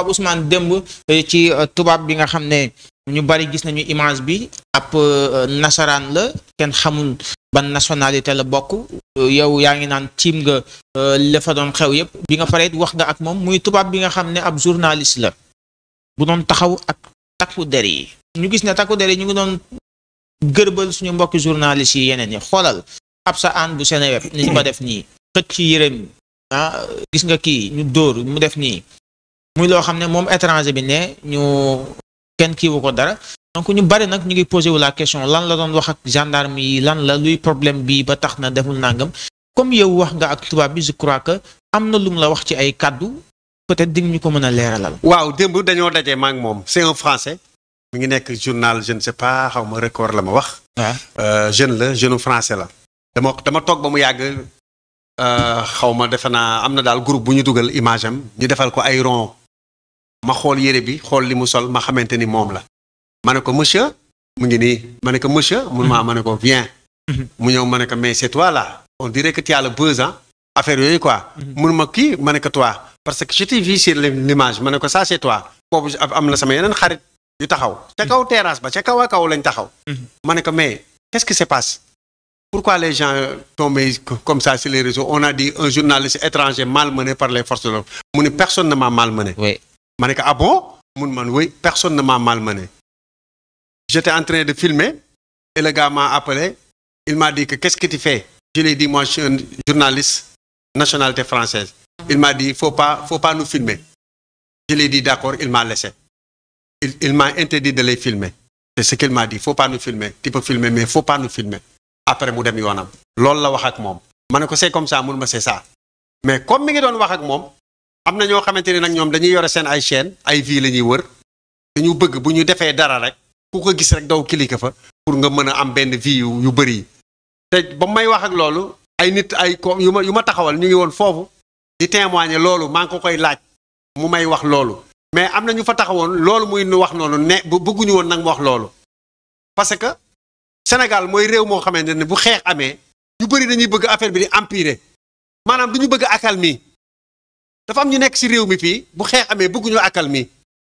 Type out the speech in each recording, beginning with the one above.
Pape Ousmane démb euh, ci euh, tubaab bi nga xam ne ñu bari gis nañu image bi ab euh, nasaraan la kenn xamul ban nationalité la bokk yow yaa ngi naan tiim nga la fa doon xew yépp bi nga paree wax nga ak moom muy tubaab bi nga xam ne ab journaliste la bu doon taxaw ak takku der yi ñu gis ne takku der yi ñu ngi doon gërbal suñu mbokki journaliste yi yeneen yi xoolal ab sa aan bu Seneweb ni ñu def nii xëcc ci yërëm ah gis nga kii ñu dóor mu def nii muy loo xam ne moom étranger bi ne ñu kenn kiiwu ko dara donc ñu bari nag ñu ngi posé wu la question lan la doon wax ak gendarme yi lan la luy problème bi ba tax na deful nangam comme yow wax nga ak tubaab bi je crois que am na lu mu la wax ci ay kàddu peut-être dig ñu ko mën a leeralal. waaw démb dañoo dajee maa moom c'est un français. mi ngi nekk journal je ne sais pas xaw ma record la ma wax. Euh, jeune la jeune français la. dama dama toog ba mu yàgg euh, xaw ma defe naa am na daal groupe bu ñu dugal image am ñu defal ko ay ma xool yére bi xool li mu sol ma xamante ni moom la ma ne ko monsieur mu ngi nii ma ne ko monsieur mun maa ma ne ko viens mu ñëw ma ne ko mais c'est toi là on dirait que tu as le affaire yooyu quoi mun ma kii ma ne ko toi parce que je t'ai vu sur l'image ma ne ko ça c'est toi boobu am na sama yeneen xarit yu taxaw ca kaw terrasse ba ca kaw a kaw lañ taxaw ma ne que mais qu'est-ce qui se passe pourquoi les gens euh, tombent comme ça sur les on a dit un journaliste de l'ordre mu ne m'a ma ne ko ah bon mun man oui personne ne m'a malmené j'étais en de filme et le gars m'a appelé il m'a dit que qu'est-ce que tu fais je lui ai dit moi je suis un journaliste nationalité française il m'a dit faut pas faut pas nous filmer je lui d'accord il m'a laissé il, il m'a interdit de les filmer te ce qu'il m'a dit faut pas nous filmer tu peux filmer mais faut pas nous filmer après mu dem yoonam loolu la wax ak moom ma ne ko c'est comme ça mun ma c'est ça mais comme mi ngi doon wax ak moom am na ñoo xamante ne nag ñoom dañuy yore seen ay chaîne ay vie la ñuy wër dañu bëgg bu ñu defee dara rek ku ko gis rek daw kilika fa pour nga mën a am benn vie yu bëri yi te ba may wax ak loolu ay nit ay ko yu ma yu ma taxawal ñu ngi woon foofu di témoigner loolu maa ngi ko koy laaj mu may wax loolu mais am na ñu fa taxawoon loolu muy wax noonu ne bu bëgguñu woon nag mu wax loolu parce que Sénégal mooy réew moo xamante ne bu xeex amee ñu bëri dañuy bëgg affaire bi di maanaam du ñu bëgg accalmie dafa am ñu nekk ci réew mi fii bu xeex amee bëgguñu akal mi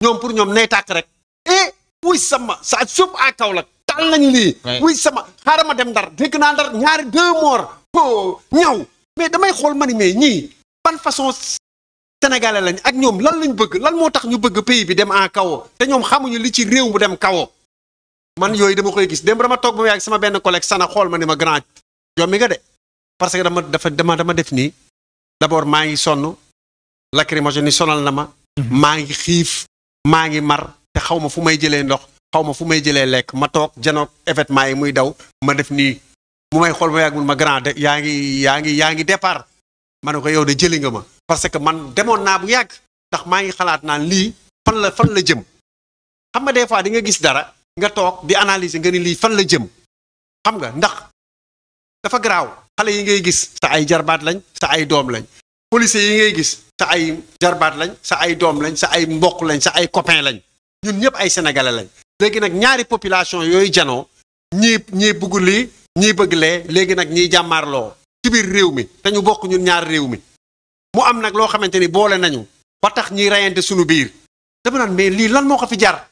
ñoom pour ñoom nay tàkk rek eh wuy sama sa suuf à Kaolack tal nañ lii wuy sama xaaral ma dem ndar dégg naa ndar ñaari deux morts oh ñaw mais damay xool ma ni mais ñii ban façon sénégalais lañ ak ñoom lan lañ bëgg lan moo tax ñu bëgg pays bi dem en kawo te ñoom xamuñu li ci réew mu dem kawoo man yooyu dama koy gis démb dama toog ba yàgg sama benn collègue sana xool ma ni ma grand yombi nga de parce que dama dafa dama dama def nii d'abord maa ngi sonn lacrymogène yi sonal na ma mhm. maa ngi xiif maa ngi mar te xaw ma fu may jëlee ndox xaw ma fu may jëlee lekk ma toog janoog événement yi muy daw ma def nii mu may xool ma yàggul ma grand yaa ngi yaa ngi yaa ngi départ ma ne ko yow de jëli nga ma parce que man demoon naa bu yàgg ndax maa ngi xalaat naan lii fan la fan la jëm xam nga des fois di nga gis dara nga toog di analyser nga ni lii fan la jëm xam nga ndax dafa garaaw xale yi ngay gis sa ay jarbaat lañ sa ay doom lañ policiers yi ngay gis sa ay jarbaat lañ sa ay doom lañ sa ay mboq lañ sa ay copain lañ ñun ñëpp ay sénégalais lañ léegi nag ñaari population yooyu janoo ñii ñii bëgg lii ñii bëgg lee léegi nag ñiy jàmmaarloo ci biir réew mi te ñu bokk ñun ñaar réew mi mu am nag loo xamante ni boole nañu ba tax ñuy rayante suñu biir dama naan mais lii lan moo ko fi jar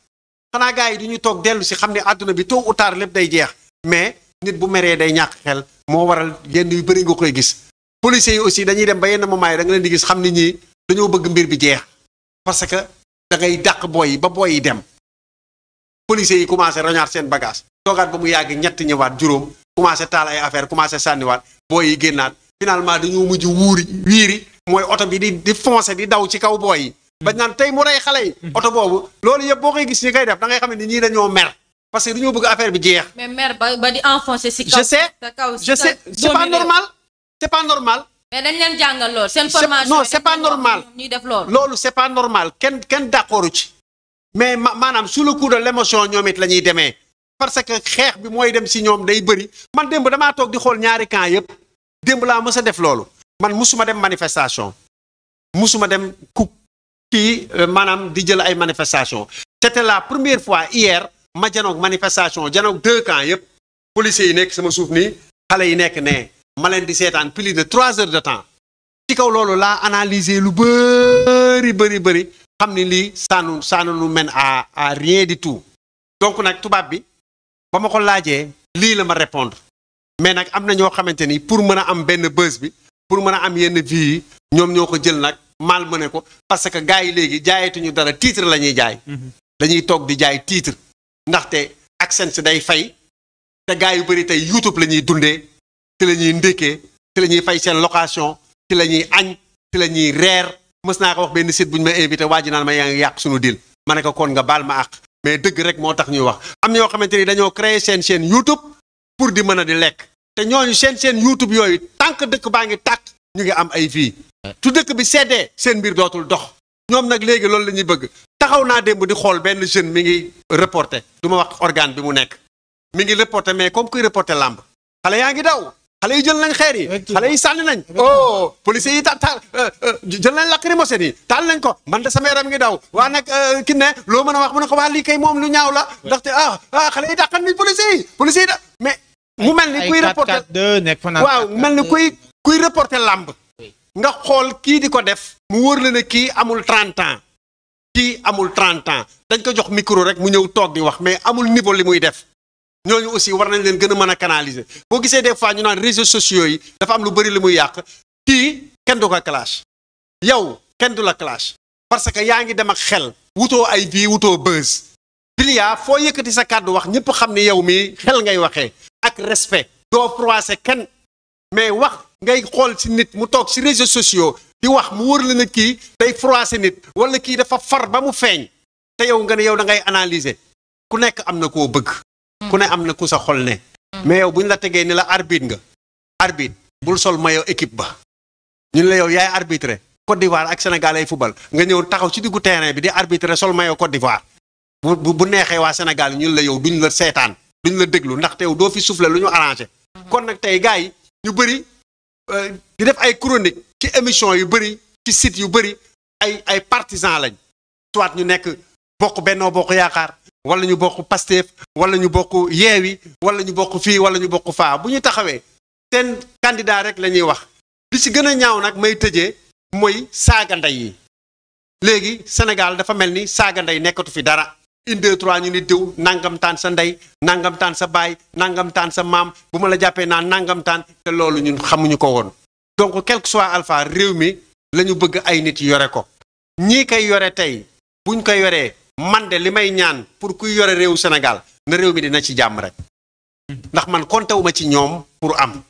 xanaa gars yi du ñu toog dellu si xam ni àdduna bi tôt ou tard lépp day jeex mais nit bu meree day ñàkk xel moo waral yenn yu bëri nga koy gis policiers yi aussi dañuy dem ba yenn moment yi da nga leen di gis xam ni ñi dañoo bëgg mbir bi jeex parce que da ngay dàq booy yi ba booy yi dem policiers yi commencé roñaat seen bagage toogaat ba mu yàgg ñett ñëwaat juróom commencé taal ay affaire commencé sànniwaat booy yi génnaat finalement dañoo mujj wuuri wiiri mooy oto bi di di foncé di daw ci kaw booy yi bañ naan tey mu rey xale yi mm-hmm. oto boobu loolu yëpp boo koy gis ñi koy def da ngay xam ni ñii dañoo mer parce que dañoo affaire bi jeex mais mer ba di enfoncé ci c'est pas normal. mais leen jàngal lool seen formation non c'est pas normal ñuy def loolu. loolu c'est pas normal kenn kenn d'accord ci. mais maanaam sous le coup de l'émotion ñoom it la ñuy demee. parce que xeex bi mooy dem si ñoom day bëri man démb damaa toog di xool ñaari camp yépp démb laa mës a def loolu man musuma dem manifestation musuma dem ku kii euh, maanaam di jël ay manifestation c'était la première fois hier ma janoog manifestation janoog deux camps yépp policiers yi nekk sama suuf nii xale yi nekk nee ma leen di seetaan plus de trois heures de temps ci kaw loolu laa analyser lu bëri bëri bëri xam ni lii saanu saanunu men à à rien du tout donc nag tubaab bi ba ma ko laajee lii la ma répondre mais nag am na ñoo xamante ni pour mën a am benn bës bi pour mën a am yenn vie yi ñoom ñoo ko jël nag mal mëne ko parce que gars yi léegi jaayetuñu dara tiitre la ñuy jaay mhm. dañuy toog di jaay tiitre ndaxte AdSense day fay te gars yu bëri tey YouTube la ñuy dundee ci la ñuy ndékkee ci la ñuy fay seen location ci la ñuy añ ci la ñuy reer mës naa ko wax benn site bu ñu ma invité waa ji naan ma yaa yàq suñu deal ma ne ko kon nga baal ma àq mais dëgg rek moo tax ñuy wax am na yoo xamante ni dañoo créer seen chaîne YouTube pour di mën a di lekk te ñooñu seen seen YouTube yooyu tant que dëkk baa ngi tàkk ñu ngi am ay vie su dëkk bi seddee seen mbir dootul dox ñoom nag léegi loolu la ñuy bëgg taxaw naa démb di xool benn jeune mi ngi reporté du ma wax organe mu nekk mi ngi reporté mais comme kuy reporté làmb yaa ngi xale yi jël nañ xeer yi xale yi sànni nañ oh police yi ta taal euh, euh, jël nañ lacrymogène yi taal nañ ko man de sama yaram ngi daw waa nag euh, ki ne loo mën a wax mu ne ko waa lii kay moom lu ñaaw la ndaxte ah ah xale yi dàqan nañ police yi police yi da mais mu mel ni kuy reporter waaw mu mel ni kuy kuy reporter làmb nga xool kii di ko def mu wóor la ne kii amul 30 ans kii amul trente ans dañ ko jox micro rek mu ñëw toog di wax mais amul niveau li muy def ñooñu aussi war nañ leen gën a mën a canaliser boo gisee des fois ñu naan réseaux sociaux yi dafa am lu bëri lu muy yàq kii kenn du ko clash yow kenn du la clash parce que yaa ngi dem ak xel wutoo ay bii wutoo buzz Bilia foo yëkkati sa kàddu wax ñëpp xam ne yow mii xel ngay waxee ak respect doo froissé kenn mais wax ngay xool ci nit mu toog ci réseaux sociaux di wax mu wër la ne kii day froissé nit wala kii dafa far ba mu feeñ te yow nga ne yow da ngay analyser ku nekk am na koo bëgg Mm. ku ne am na ku sa xol ne mm. mais yow bu ñu la tegee ni la arbitre nga arbitre bul sol mayo équipe ba ñu ne la yow yaay arbitre Côte d'Ivoire ak Sénégal ay football nga ñëw taxaw ci diggu terrain bi di arbitré sol mayo Côte d'Ivoire bu bu neexee waa Sénégal ñu la yow ñu la seetaan duñ la déglu ndaxte yow doo fi soufflé lu ñu arrangé mm-hmm. kon nag tey gars yi ñu bëri euh, di def ay chronique ci émission yu bëri ci site yu bëri ay ay partisans lañ soit ñu nekk bokk bennoo bokk yaakaar wala ñu bokk Pastef wala ñu bokk Yewwi wala ñu bokk fii wala ñu bokk faa bu ñu taxawee ten candidat rek la ñuy wax li ci gën a ñaaw nag may tëjee mooy saaga ndey yi léegi Sénégal dafa mel ni saaga ndey nekkatu fi dara une deux ñu ni diw nangam sa ndey nangam sa baay nangam sa maam bu ma la jàppee naa nangam te loolu ñu xamuñu ko woon donc quel que soit alpha réew mi la ñu bëgg ay nit yore ko ñii koy yore tey buñ koy yoree man de li may ñaan pour kuy yore réewu senegal na réew mi dina ci jàmm rek ndax man kontewuma ci ñoom pour am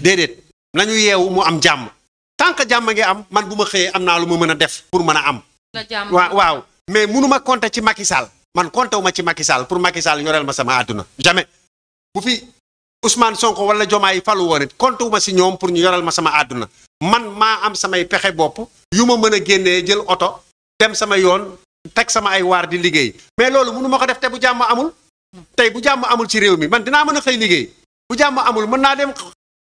déedéet nañu yeewu mu am jàmm tant que jàmm ngi am man bu ma xëyee am naa lu ma mën a def pour mën a am. waaw waaw mais mënuma compter ci Macky Sall man kontewuma ci Macky pour Macky Sall yoreel ma sama àdduna jamais bu fi Ousmane Sonko wala Jomaay falu woon it kontewuma ci ñoom pour ñu yoreel ma sama àdduna man maa am samay pexe bopp yu ma mën a génnee jël oto dem sama yoon. teg sama ay waar di liggéey mais loolu mënu ma ko def te bu jàmm amul tey bu jàmm amul ci réew mi man dina mën a xëy liggéey bu jàmm amul mën naa dem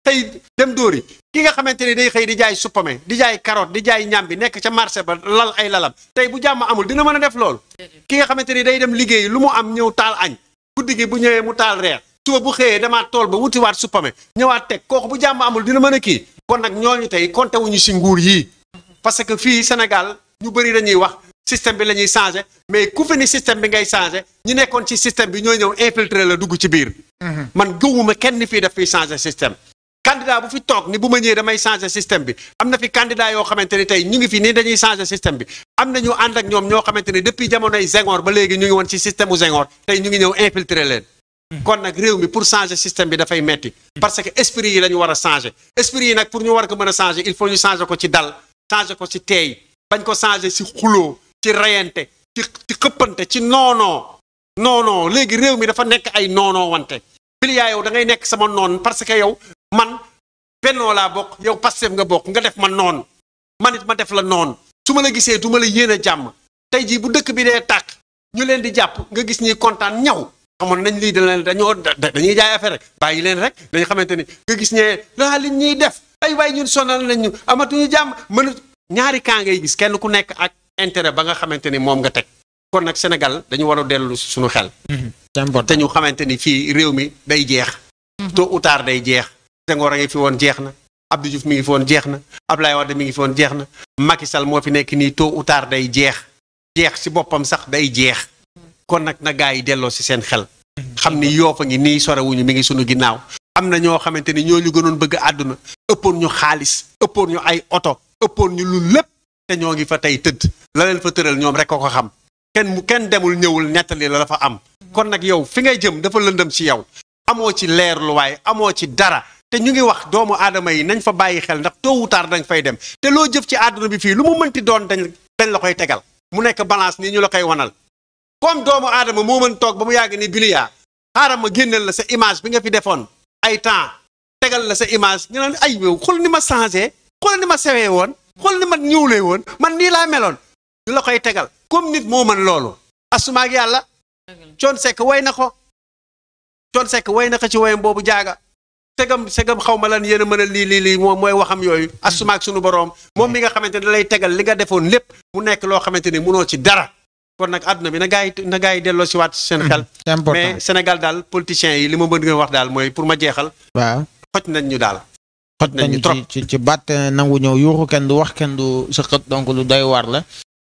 xëy dem dóori ki nga xamante ni day xëy di jaay suppame di jaay carotte di jaay ñam bi nekk ca marché ba lal ay lalam tey bu jàmm amul dina mën a def lool ki nga xamante ni day dem liggéey lu mu am ñëw taal añ guddi gi bu ñëwee mu taal reer suba bu xëyee damaa tool ba wutiwaat suppame ñëwaat teg kooku bu jàmm dina mën a kii kon nag ñooñu tey konte wuñu si nguur yii parce que fii Sénégal ñu bëri dañuy wax système bi la ñuy changé mais ku fi ni système bi ngay changé ñu nekkoon ci système bi ñooy ñëw infiltrer dugg ci biir. Mhm. man gëwuma kenn ni fii def fiy changé système. candidat bu fi toog ni bu ma ñëwee damay changé système bi am na fi candidat yoo xamante ni tey ñu ngi fi nii dañuy changé système bi am na ñu ak ñoom ñoo xamante ni depuis jamonoy Senghor ba léegi ñu ngi woon ci système u Senghor tey ñu ngi ñëw infiltrer leen. Mhm. kon nag réew mi pour changer système bi dafay metti mhm. parce que esprit yi la ñu war a changer esprit yi nag pour ñu war ko mën a il faut ñu changer ko ci dal changer ko ci teey bañ ko changer ci xuloo ci reyante ci ci xëppante ci noonoo noonoo léegi réew mi dafa nekk ay noonoo wante biliyaa yow da ngay nekk sama noon parce que yow man bennoo laa bokk yow Pastef nga bokk nga def ma noon man it ma def la noon su ma la gisee du ma la yéen a jàmm tey jii bu dëkk bi dee tàkk ñu leen di jàpp nga gis ñi kontaan ñaw xamoon nañ lii dañ dañoo dañuy jaay affaire rek bàyyi leen rek dañ xamante ni nga gis ñee laa li ñuy def ay waay ñun sonal nañ ñu amatuñu jàmm mënut ñaari kaa gis kenn ku nekk ak intérêt ba nga xamante ni moom nga teg kon nag Sénégal dañu war a dellu suñu xel te ñu xamante ni fii réew mi day jeex mhm. tôt ou tard day jeex Senghor a ngi fi woon jeex na Abdou Diouf mi jeex na Abdoulaye mi ngi jeex na Macky Sall moo fi nekk nii tôt ou tard day jeex jeex ci boppam sax day jeex kon nag na gaa yi delloo ci seen xel xam ni yoo fa ngi nii sorewuñu mi ngi sunu ginnaaw am na ñoo xamante ni ñoo ñu gënoon bëgg àdduna ëppoon ñu xaalis ëppoon ñu ay oto ëppoon ñu lu lépp te ñoo ngi fa tey tëdd la leen fa tëral ñoom rek ko ko xam kenn mu kenn demul ñëwul nettali la dafa am kon nag yow fi ngay jëm dafa lëndëm ci yow amoo ci leerluwaay amoo ci dara te ñu ngi wax doomu aadama yi nañ fa bàyyi xel ndax tôt ou tard dañ fay dem te loo jëf ci àdduna bi fii lu mu mënti doon dañ dañ la koy tegal mu nekk balance nii ñu la koy wanal comme doomu aadama moo mën toog ba mu yàgg ni biliyaa xaaral ma génneel la sa image bi nga fi defoon ay temps tegal la sa image nga naan ay yow xool ni ma changé xool ni ma sewee woon xool ni man ñëw lay woon man nii laa meloon ñu la koy tegal comme nit moo man loolu asuma ak yàlla coon sekk woy na ko coon sekk woy na ko ci wayam boobu jaaga segam segam xaw ma lan yéen mën a lii lii lii moom mooy waxam yooyu asuma ak sunu boroom moom mi nga xamante ne da lay tegal li nga defoon lépp mu nekk loo xamante ne munoo ci dara kon nag àdduna bi na gaa yi na gaa yi delloo si waat seen xel mais Sénégal daal politiciens yi li ma mën ngeen wax daal mooy pour ma jeexal waaw xoj nañ ñu daal xot nañu trop ci ci baat euh, nangu ñëw yuuxu kenn du wax kenn du sëqët donc lu doy waar la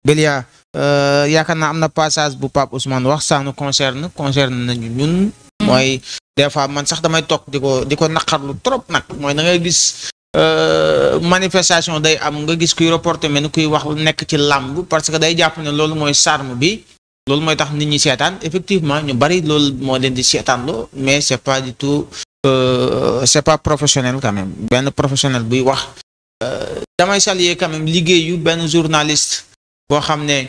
Belia euh, yaakaar naa am na passage bu Pape Ousmane wax ça nous concerne concerne nañu ñun mooy des fois man sax damay toog di ko di ko naqarlu trop nag mooy da ngay gis euh, manifestation day am nga gis kuy reporter mel ni kuy wax nekk ci làmb parce que day jàpp ne loolu mooy charme bi loolu mooy tax nit ñi seetaan effectivement ñu bari loolu moo leen di seetaanloo mais c'est pas du tout Euh, c'est pas professionnel quand même benn professionnel buy wax euh, damay saluer quand même liggéeyu benn journaliste boo xam ne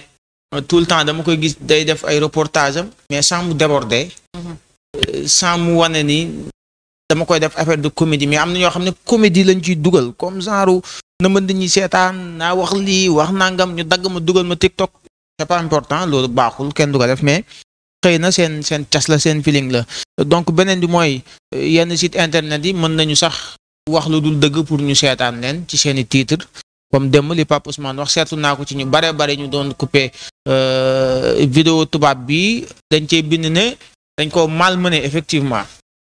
euh, tout le temps dama koy gis day def ay reportage am mais sans mu déborder mm-hmm. sans mu wane ni dama koy def affaire de comédie mais am na ñoo xam ne comédie lañ ciy dugal comme genre na mën dañuy seetaan naa wax lii wax nangam ñu dagg ma dugal ma TikTok c'est pas important loolu baaxul kenn du ko def mais xëy na seen cas la seen feeling la donc beneen bi mooy yenn site internet yi mën nañu sax wax lu dul dëgg pour ñu seetaan leen ci seeni titre comme démb li Pape Ousmane wax seetu naa ko ci ñu bare bare ñu doon coupé euh, vidéo tubaab bi dañ cee bind ne dañ ko malmené effectivement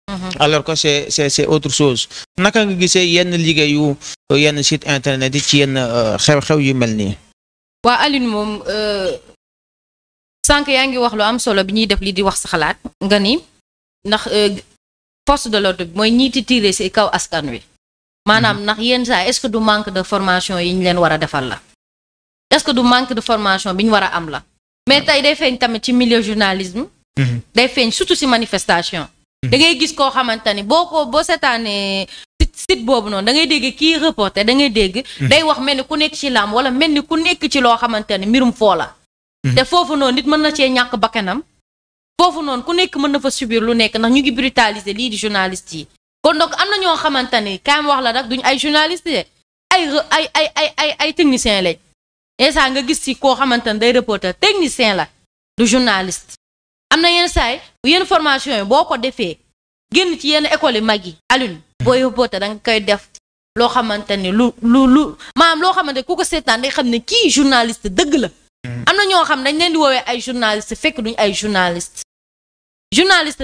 mm-hmm. alors que c'est c'est c'est autre chose naka nga gisee yenn liggéeyu yenn site internet yi ci yenn euh, xew-xew yu mel nii waa Alioune moom euh, sànq yaa ngi wax lu am solo bi ñuy def li di wax sa xalaat nga ni ndax euh, force de l'ordre bi mooy ñii ti tiire si kaw askan wi maanaam ndax yenn saa est du manque de formation yi ñu leen war a defal la est-ce que du manque de formation bi ñu war a am la mais tey day feeñ tamit ci milieu journalisme mhm. day feeñ surtout si manifestation mhm. da ngay gis koo xamante ni boo ko boo seetaanee site boobu noonu da ngay dégg kii reporter da ngay dégg mhm. day wax mel ni ku nekk ci làmb wala mel ni ku nekk ci loo xamante ni mbirum foo Mhm. te foofu noonu nit mën na cee ñàkk bakkanam foofu noonu ku nekk mën na fa subir lu nekk ndax ñu ngi brutaliser lii di journaliste yi kon donc am na ñoo xamante ni kaay wax la rek duñ ay journaliste de ay ay ay ay ay ay technicien saa nga gis ci koo xamante ni day reporter technicien la du journaliste am na yenn saay yenn formation yi boo ko defee génn ci yenn école yi mag yi alune mhm. booy reporter da nga koy def loo xamante ni lu lu lu maanaam loo xamante ku ko seetaan day xam ne kii journaliste dëgg la am na ñoo xam dañ leen di woowee ay journaliste fekk duñ ay journaliste journaliste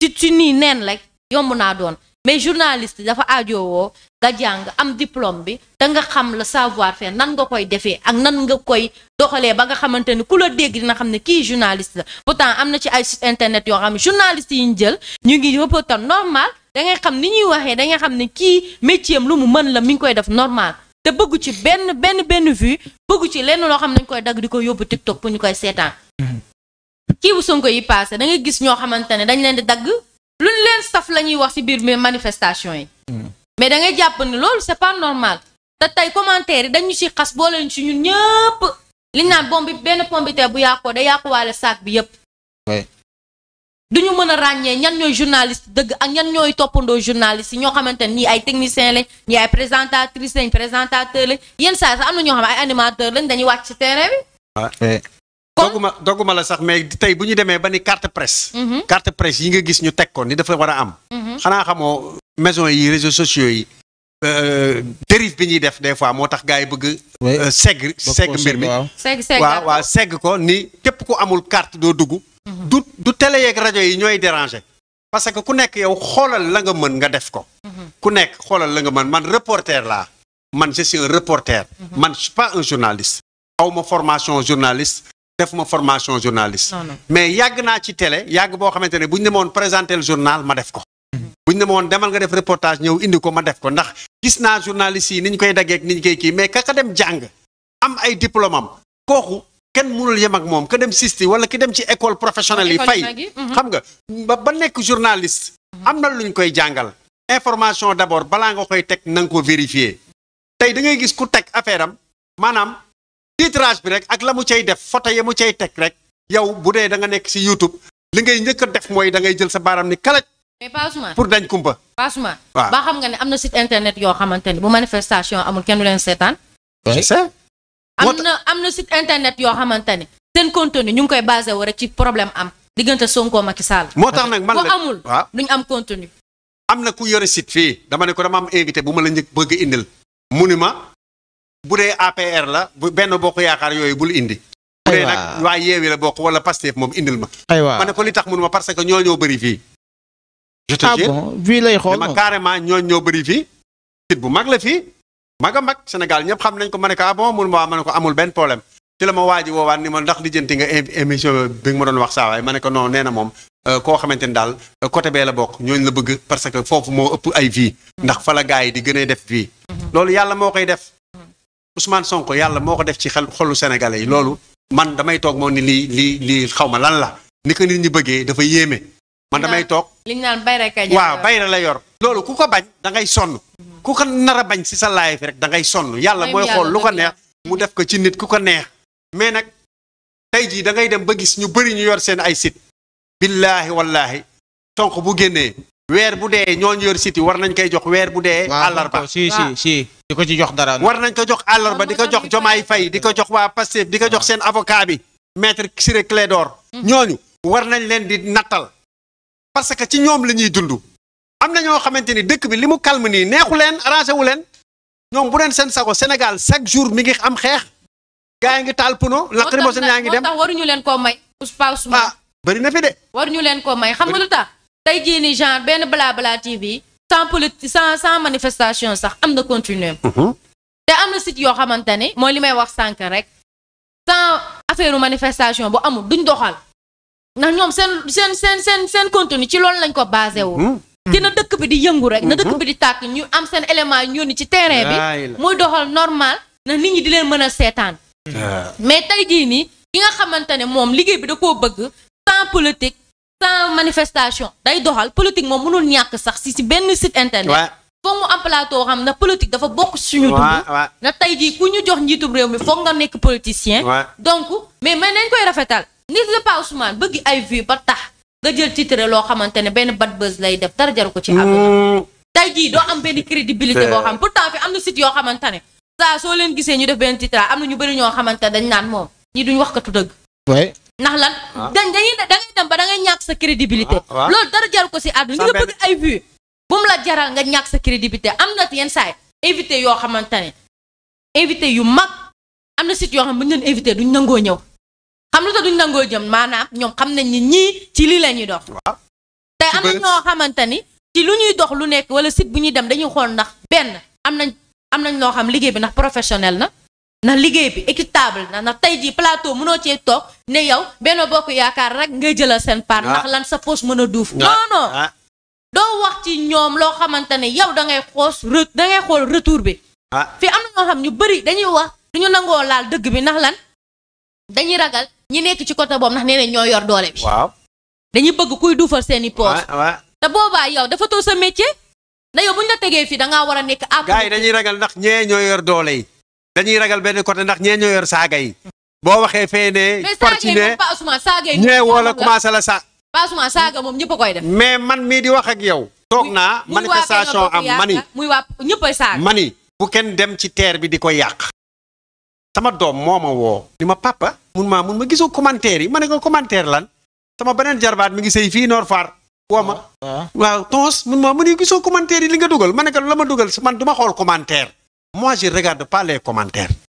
ci ci nii neen rek yomb naa doon mais journaliste dafa aajowoo nga jàng am diplôme bi da nga xam la savoir fair nan nga koy defee ak nan nga koy doxalee ba nga xamante ni ku la dégg dina xam ne kii journaliste la pourtant am na ci ay site internet yoo xam ne journaliste yi ñu jël ñu ngi reporter normal da ngay xam ni ñuy waxee da ngay xam ne kii métier lu mu mën la mi ngi koy def normal te bëggu ci benn benn benn vue bëggu ci lenn loo xam ne dañ koy dagg di ko yóbbu TikTok pour ñu koy seetaan. Mhm. kii bu Sonko yi passé da nga gis ñoo xamante ne dañ leen di dagg luñ leen saf la ñuy wax ci biir manifestation yi. Mhm. mais da ngay jàpp ne loolu c'est pas normal te tey commentaire yi dañu ci xas boole ñu ci ñun ñëpp liñ naan bombi benn pombiteer bu yàqoo da yàquwaale saak bi yëpp. ñu mën a ràññee ñan ñooy journaliste dëgg ak ñan ñooy toppandoo journaliste yi ñoo xamante ne ñii ay technicien lañ ñii ay présentatrice lañ présentateur lañ yenn saa sax am na ñoo xam ne ay animateur lañ dañuy wàcc ci terrain bi ah, eh. eh. doguma doguma la sax mais tey bu ñu demee ba ni carte presse mhm. carte presse yi nga gis ñu teg ko ni dafa war a am mhm. xanaa xamoo maison yi réseaux sociaux yi euh, dérive bi ñuy def des fois moo tax gars yi bëgg euh, segg segg mbir mi waaw waaw segg ko ni képp ku amul carte doo dugg télé yeeg rajo yi ñooy dérangé parce que ku nekk yow xoolal la nga mën nga def ko. Mhm. ku nekk xoolal la nga mën man reporter la man je suis un reporter. Mhm. man je suis pas un journaliste. aw ma formation journaliste. def ma formation journaliste. mais yàgg naa ci télé yàgg boo xamante ne bu ñu demoon présenter le journal ma def ko. Mhm. bu ñu demoon demal nga def reportage ñëw indi ko ma def ko ndax gis na journaliste yi ni ñu koy daggee ak ni ñu koy kii mais ka dem jàng am ay diplôme am kenn mënul yem ak moom ka dem sisti wala ki dem ci école professionnelle yi fay mhm. xam nga ba ba nekk journaliste mhm. am na luñ koy jàngal information d'abord balaa nga koy teg na nga ko vérifier tey da ngay gis ku teg affaire am maanaam titrage bi rek ak la mu cay def photo ya mu cay teg rek yow bu dee da nga nekk si YouTube li ngay njëkk def mooy da ngay jël sa baaram ni kalaj mais pour dañ kumpa waaw ba xam nga ne am na site internet yoo xamante ni bu manifestation amul kenn du leen seetaan am na am na site internet yoo xamante ne seen contenu ñu ngi koy basé wu rek ci problème am diggante Sonko Macky Sall. moo tax nag man la amul duñ am contenu. am na ku yore site fii dama ne ko dama am invité bu ma la njëkk bëgg indil. mu ni ma bu dee APR la bu benn bokk yaakaar yooyu bul indi. bu dee nag waa yeewi la bokk wala Pastef moom indil ma. aywa ma ne ko li tax mu ma parce que ñoo ñoo bëri fii. je te ah lay xool ma carrément ñoo ñoo bëri fii. site bu mag la fii. mag a mag Sénégal ñëpp xam nañ ko ma ne ko ah ko amul benn problème ci la ma waa ji woowaat ni ma ndax lijjanti nga émission bi nga ma doon wax saa ma ne ko moom euh, koo xamante ni daal euh, côté bee la bokk ñooñu la bëgg parce que foofu moo ëpp ay vie ndax fa la gars di gën a def fii loolu yàlla moo koy def Ousmane Sonko yàlla moo ko def ci xel xolu sénégalais yi loolu man damay toog moom ni li li lii xaw ma lan la ni ko nit ñi bëggee dafa yéeme man damay toog li ñu naan bayra kay waaw bayra la yor loolu ku ko bañ da ngay sonn ku ko nar a bañ si sa live rek dangay sonn yàlla mooy xool lu ko neex mu def ko ci nit ku ko neex mais nag tey jii da ngay dem ba gis ñu bëri ñu yor seen ay sit billaahi wallaahi tonk bu génnee weer bu dee ñooñu yor site yi war nañ koy jox weer bu dee àllarba si si di ko ci jox dara war nañ ko jox àllarba di ko jox jomaay fay di ko jox waa Pastef di ko jox seen avocat bi maître Ciré door hmm. ñooñu war nañ leen di nattal parce que ci ñoom la ñuy dund am na ñoo xamante ni dëkk bi li mu calme nii neexu leen arrangé wu leen ñoom bu doon seen sago Sénégal chaque jour mi ngi am xeex gaa yi ngi taal puno lacrymogène yaa ngi dem moo tax waruñu leen koo may Ouspa Ousmane ah, bëri na fi de waruñu leen koo may xam nga tax tey jii ni genre benn Bla Bla TV sans politi sans sans manifestation sax am na continuer mhm. te am na site yoo xamante ni mooy li may wax sànk rek sans affaire manifestation bu amul duñ doxal ndax ñoom seen seen seen seen seen ci loolu lañ ko basé wu mhm. te na dëkk bi di yëngu rek na dëkk mhm. bi di tàkk ñu am seen élément yu yónni ci terrain bi muy doxal normal na nit ñi di leen mën a seetaan ah. mais tey jii nii ki nga xamante ne moom liggéey bi da koo bëgg sans politique sans manifestation day doxal politique moom mënul ñàkk sax si si benn site internet foog mu am xam na politique dafa bokk suñu dund na tey jii ku ñu jox njiitum réew mi foog nga nekk politicien donc mais mais nañ koy rafetal nit la pas bëgg ay vues ba nga jël titre loo xamante ne benn bad buzz lay def dara jaru ko ci àdduna mm. tay jii doo am benn crédibilité boo xam pourtant fi am na site yoo xamante ne saa soo leen gisee ñu def benn am na ñu bëri ñoo xamante ne dañ naan moom ñi duñ wax katu dëgg ndax lan ah. dañ ngay dem ba da ngay ñàkk sa crédibilité ah, loolu dara jaru ko si àdduna ay vues bu mu la jaral nga ñàkk sa crédibilité am na yenn saay invité yoo xamante ne invité yu mag am na site yoo xam bu ñu leen invité ñu nangoo ñëw que ñu nangoo jëm maanaam ñoom xam nañ ni ñii ci lii la ñuy dox. te am na ñoo xamante ni ci lu ñuy dox lu nekk wala sit bu ñuy dem dañuy xool ndax benn am nañ am nañ loo xam liggéey bi ndax professionnel na. na liggéey bi équitable na ndax tey jii plateau mënoo cee toog ne yow benn bokk yaakaar rek ngay jëlal seen part. Ah. ndax lan sa poche mën a duuf. Ah. non ah. doo wax ci ñoom loo xamante ne yow da ngay xoos re dangay xool retour bi. fi am na ñoo xam ñu bëri dañuy wax du nangoo laal dëgg bi ndax lan ragal ñi nekk ci côté boobu ndax nee ñoo yor doole bi. waaw dañuy bëgg kuy duufal seen i poos. Ah, ah. te boobaa yow dafa toog sa métier. na yow bu ñu tegee fii da ngaa war a nekk. gars dañuy ragal ndax ñee ñoo yor doole yi. dañuy ragal benn côté ndax ñee yor saaga yi. boo waxee fee ne. mais saaga yi ñee woo la commencé la sa. passement saaga moom ñëpp koy def. mais man mii di wax ak yow. toog naa manifestation am mani muy waa ñëpp a saaga mani bu kenn dem ci terre bi di ko yàq. sama doom moo ma woo ni ma papa mun maa mun ma gisoo commentaire yi ma ne ko commentaire lan sama beneen jarbaat mi ngi sey fii noor faar woo ma ah, ah. waaw tons mun maa mu ne gisoo commentaire yi li nga dugal ma ne ko la ma dugal man du ma xool commentaire moi je regarde pas les commentaires